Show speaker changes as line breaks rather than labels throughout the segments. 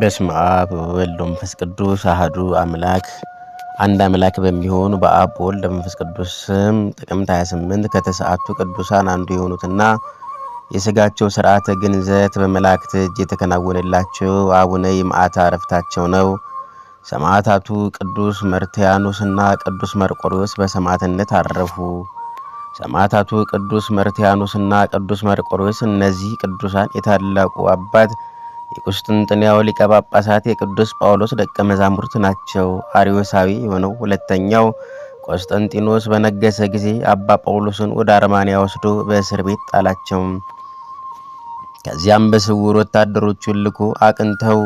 በስመ አብ ወወልድ ወመንፈስ ቅዱስ አህዱ አምላክ አንድ አምላክ በሚሆኑ በአብ ወልድ በመንፈስ ቅዱስ ስም ጥቅምት 28 ከተሰዓቱ ቅዱሳን አንዱ የሆኑትና የስጋቸው ስርዓተ ግንዘት በመላእክት እጅ የተከናወነላቸው አቡነ ይምዓታ አረፍታቸው ነው። ሰማዕታቱ ቅዱስ መርትያኖስና ቅዱስ መርቆሪዎስ በሰማዕትነት አረፉ። ሰማዕታቱ ቅዱስ መርትያኖስና ቅዱስ መርቆሪዎስ እነዚህ ቅዱሳን የታላቁ አባት የቁስጥንጥንያው ሊቀ ጳጳሳት የቅዱስ ጳውሎስ ደቀ መዛሙርት ናቸው። አሪዮሳዊ የሆነው ሁለተኛው ቆስጠንጢኖስ በነገሰ ጊዜ አባ ጳውሎስን ወደ አርማንያ ወስዶ በእስር ቤት ጣላቸው። ከዚያም በስውር ወታደሮቹን ልኮ አቅንተው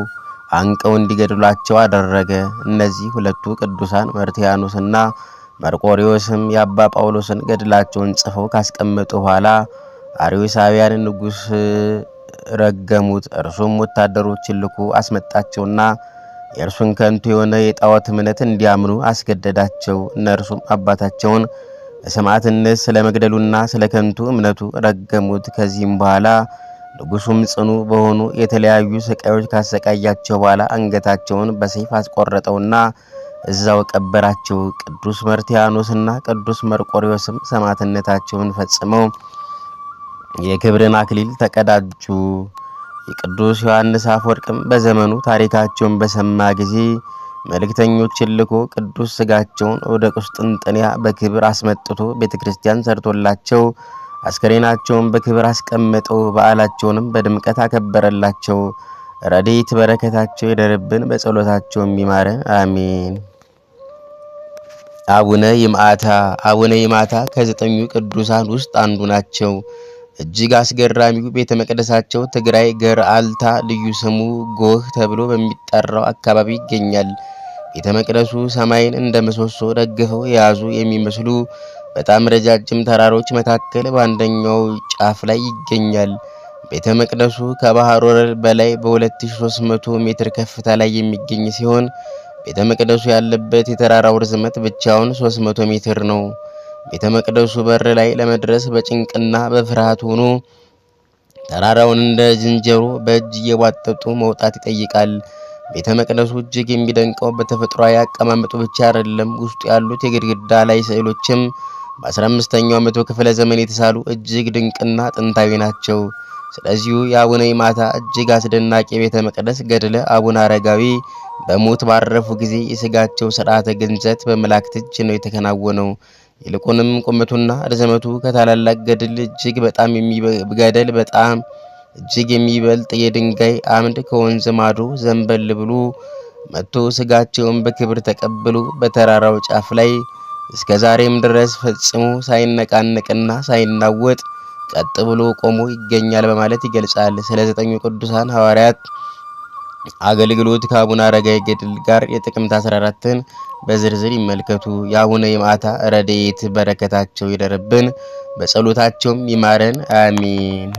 አንቀው እንዲገድሏቸው አደረገ። እነዚህ ሁለቱ ቅዱሳን መርትያኖስና መርቆሪዎስም የአባ ጳውሎስን ገድላቸውን ጽፈው ካስቀመጡ በኋላ አሪዮሳውያን ንጉሥ ረገሙት። እርሱም ወታደሮችን ልኮ አስመጣቸውና የእርሱን ከንቱ የሆነ የጣዖት እምነት እንዲያምኑ አስገደዳቸው። እነርሱም አባታቸውን በሰማዕትነት ስለ መግደሉና ስለ ከንቱ እምነቱ ረገሙት። ከዚህም በኋላ ንጉሱም ጽኑ በሆኑ የተለያዩ ስቃዮች ካሰቃያቸው በኋላ አንገታቸውን በሰይፍ አስቆረጠውና እዛው ቀበራቸው። ቅዱስ መርቲያኖስና ቅዱስ መርቆሪዎስም ሰማዕትነታቸውን ፈጽመው የክብርን አክሊል ተቀዳጁ። የቅዱስ ዮሐንስ አፈወርቅም በዘመኑ ታሪካቸውን በሰማ ጊዜ መልእክተኞችን ልኮ ቅዱስ ስጋቸውን ወደ ቁስጥንጥንያ በክብር አስመጥቶ ቤተ ክርስቲያን ሰርቶላቸው አስከሬናቸውን በክብር አስቀመጠው። በዓላቸውንም በድምቀት አከበረላቸው። ረድኤት በረከታቸው ይደርብን፣ በጸሎታቸው የሚማረን አሜን። አቡነ ይማታ አቡነ ይማታ ከዘጠኙ ቅዱሳን ውስጥ አንዱ ናቸው። እጅግ አስገራሚው ቤተ መቅደሳቸው ትግራይ ገርአልታ ልዩ ስሙ ጎህ ተብሎ በሚጠራው አካባቢ ይገኛል። ቤተ መቅደሱ ሰማይን እንደ ምሰሶ ደግፈው የያዙ የሚመስሉ በጣም ረጃጅም ተራሮች መካከል በአንደኛው ጫፍ ላይ ይገኛል። ቤተ መቅደሱ ከባህር ወለል በላይ በ2300 ሜትር ከፍታ ላይ የሚገኝ ሲሆን ቤተ መቅደሱ ያለበት የተራራው ርዝመት ብቻውን 300 ሜትር ነው። ቤተ መቅደሱ በር ላይ ለመድረስ በጭንቅና በፍርሃት ሆኖ ተራራውን እንደ ዝንጀሮ በእጅ እየቧጠጡ መውጣት ይጠይቃል። ቤተ መቅደሱ እጅግ የሚደንቀው በተፈጥሯዊ አቀማመጡ ብቻ አይደለም። ውስጡ ያሉት የግድግዳ ላይ ስዕሎችም በ15ኛው መቶ ክፍለ ዘመን የተሳሉ እጅግ ድንቅና ጥንታዊ ናቸው። ስለዚሁ የአቡነ ይማታ እጅግ አስደናቂ የቤተ መቅደስ ገድለ አቡነ አረጋዊ በሞት ባረፉ ጊዜ የስጋቸው ስርዓተ ግንዘት በመላእክት እጅ ነው የተከናወነው። ይልቁንም ቁመቱና ርዝመቱ ከታላላቅ ገድል እጅግ በጣም የሚገደል በጣም እጅግ የሚበልጥ የድንጋይ አምድ ከወንዝ ማዶ ዘንበል ብሎ መጥቶ ስጋቸውን በክብር ተቀብሎ በተራራው ጫፍ ላይ እስከ ዛሬም ድረስ ፈጽሞ ሳይነቃነቅና ሳይናወጥ ቀጥ ብሎ ቆሞ ይገኛል በማለት ይገልጻል። ስለ ዘጠኙ ቅዱሳን ሐዋርያት አገልግሎት ከአቡነ አረጋዊ ገድል ጋር የጥቅምት 14ን በዝርዝር ይመልከቱ። የአቡነ የማታ ረድኤት በረከታቸው ይደርብን፣ በጸሎታቸውም ይማረን። አሚን